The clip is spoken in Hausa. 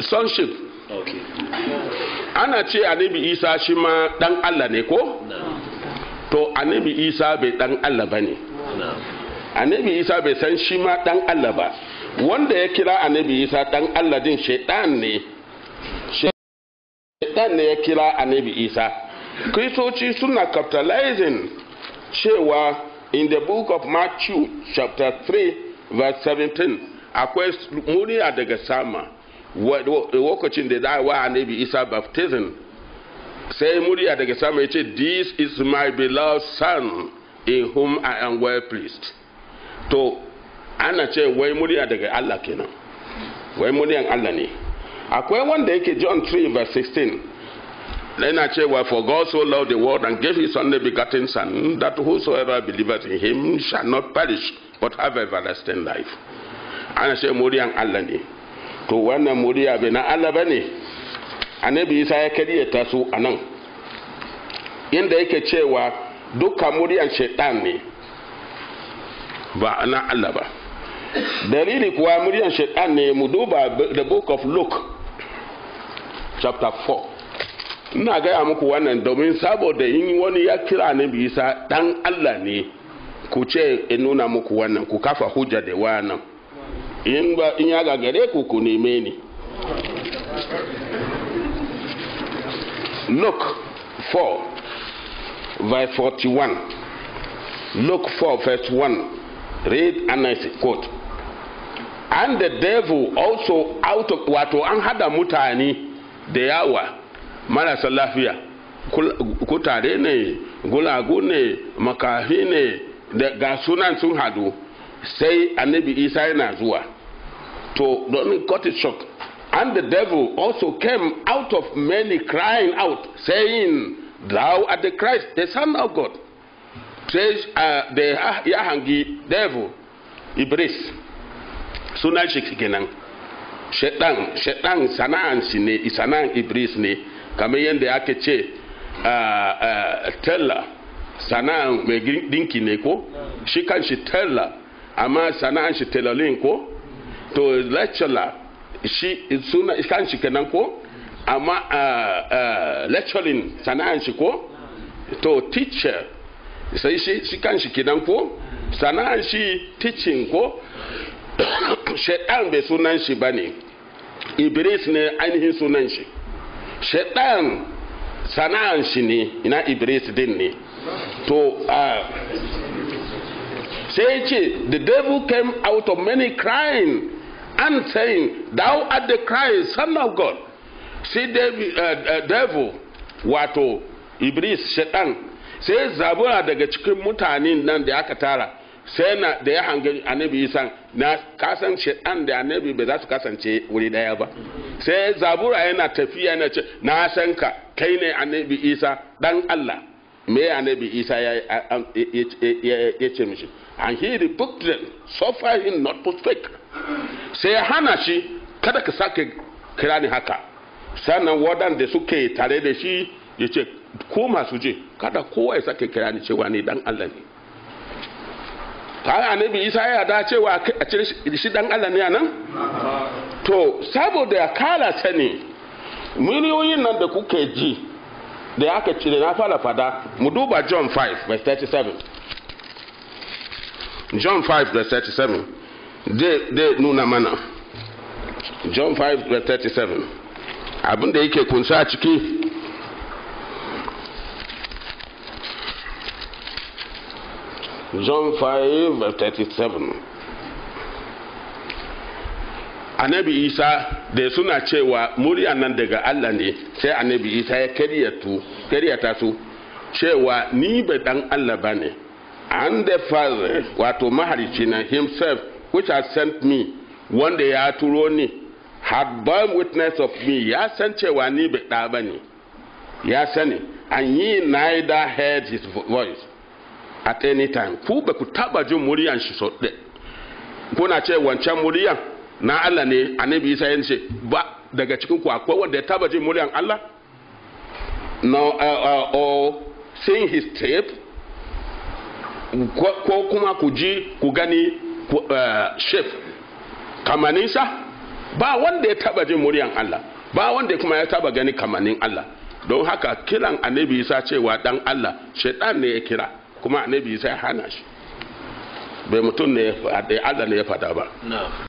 sonship ana ce anabi isa shi ma dan allah ne ko to anabi isa bai dan allah ba ne anabi isa bai san shi ma dan allah ba wanda ya kira anabi isa dan allah din shaidan ne shaidan ne ya kira anabi isa kristoci suna capitalizing cewa in the book of matthew chapter 3 verse 17 akwai muriya daga sama lokacin da za wa annabi isa baptism sai murya daga sama ya ce this is my beloved son in whom i am well pleased to ana ce wai murya daga allah kenan wai muryan allah ne akwai wanda yake john 3 verse 16 ce wa for god so loved the world and gave his only begotten son that whosoever believes in him shall not perish but have everlasting life ana ce muryan allah ne to wannan muriya bai na Allah ba ne annabi isa ya karyata su a nan inda yake cewa dukkan muryan shaitan ne ba na Allah ba dalili kuwa muryan shaitan ne mu duba the book of luke chapter 4 ina gaya muku wannan domin saboda in wani ya kira annabi isa dan Allah ne ku ce in nuna muku wannan ku kafa hujja da wannan in ba in ya gagare ku ku neme ni look 4 by 41 look 4 verse 1 read and I say, quote and the devil also out of wato an hada mutane da yawa marasa lafiya tare ne gulagu ne makafi ne da ga sunan sun hadu sai annabi isa yana zuwa to Donald cut it short And the devil also came out of many crying out, saying, Thou art the Christ, the Son of God. Says uh, the Yahangi devil, Ibris. Sunan shi kenan. Shaitan, shaitan sana'an shi ne, sana'an Ibris ne, kamar yadda ake ce uh, uh, tella sana'an mai dinki ne ko? Shi kan shi tella, amma sana'an shi telalin ko? to lecturer shi suna kan shi kenan ko amma lecturing sana'an shi ko to teacher sai shi shi kan shi kenan ko sana'an shi teaching ko shaitan bai sunan shi bane ibris ne ainihin sunan shi shaitan sana'an shi ne ina ibris din ne to sai ce the devil came out of many crying and saying, Thou art the Christ, Son of God. Uh, uh, devil, wato Iblis, Shetan, sai zabura daga cikin mutanen nan da aka tara, sai na da ya hangi annabi sa na kasan shaitan da annabi ba za su kasance wuri daya ba. Sai zabura yana tafiya yana ce, Na san ka, kai ne annabi Isa, dan Allah. me annabi isa ya ce mishi and he rebuked them far he not to fake sai ya hana shi kada ka sake kira ni haka sannan da suke tare da shi ya ce ko masu je kada kowa ya sake kira ni cewa ni dan allah ne kawai annabi isa ya da cewa a cire shi dan allah ne nan to saboda kala sani miliyoyin nan da kuke ji da ya aka cire na fara fada mu duba john 5 verse 37 john 5 verse 37 dai nuna mana john 5 verse 37 abinda yake kunsa a ciki john 5 verse 37 annabi isa da suna cewa murya nan daga allah ne sai annabi isa ya karyata su cewa ni ba dan allah ba ne and the father wato maharici na himself which has sent me wanda ya turo ni had borne witness of me ya san cewa ni ba da ba ne ya sani and yi neither heard his voice at any time ku ba ku taba jin muryan shi so kuna ce wancan muryan na Allah ne annabi Isa ya ce ba daga cikin ku akwai wanda ya taba jin muryan Allah no uh, uh, or seeing his tape ko kuma ku ji ku gani uh, shape kamaninsa ba wanda ya taba jin muryan Allah ba wanda kuma ya taba gani kamanin Allah don haka kiran annabi Isa cewa dan Allah shaitan ne ya kira kuma annabi Isa ya hana shi bai mutum ne ya Allah ne ya fada ba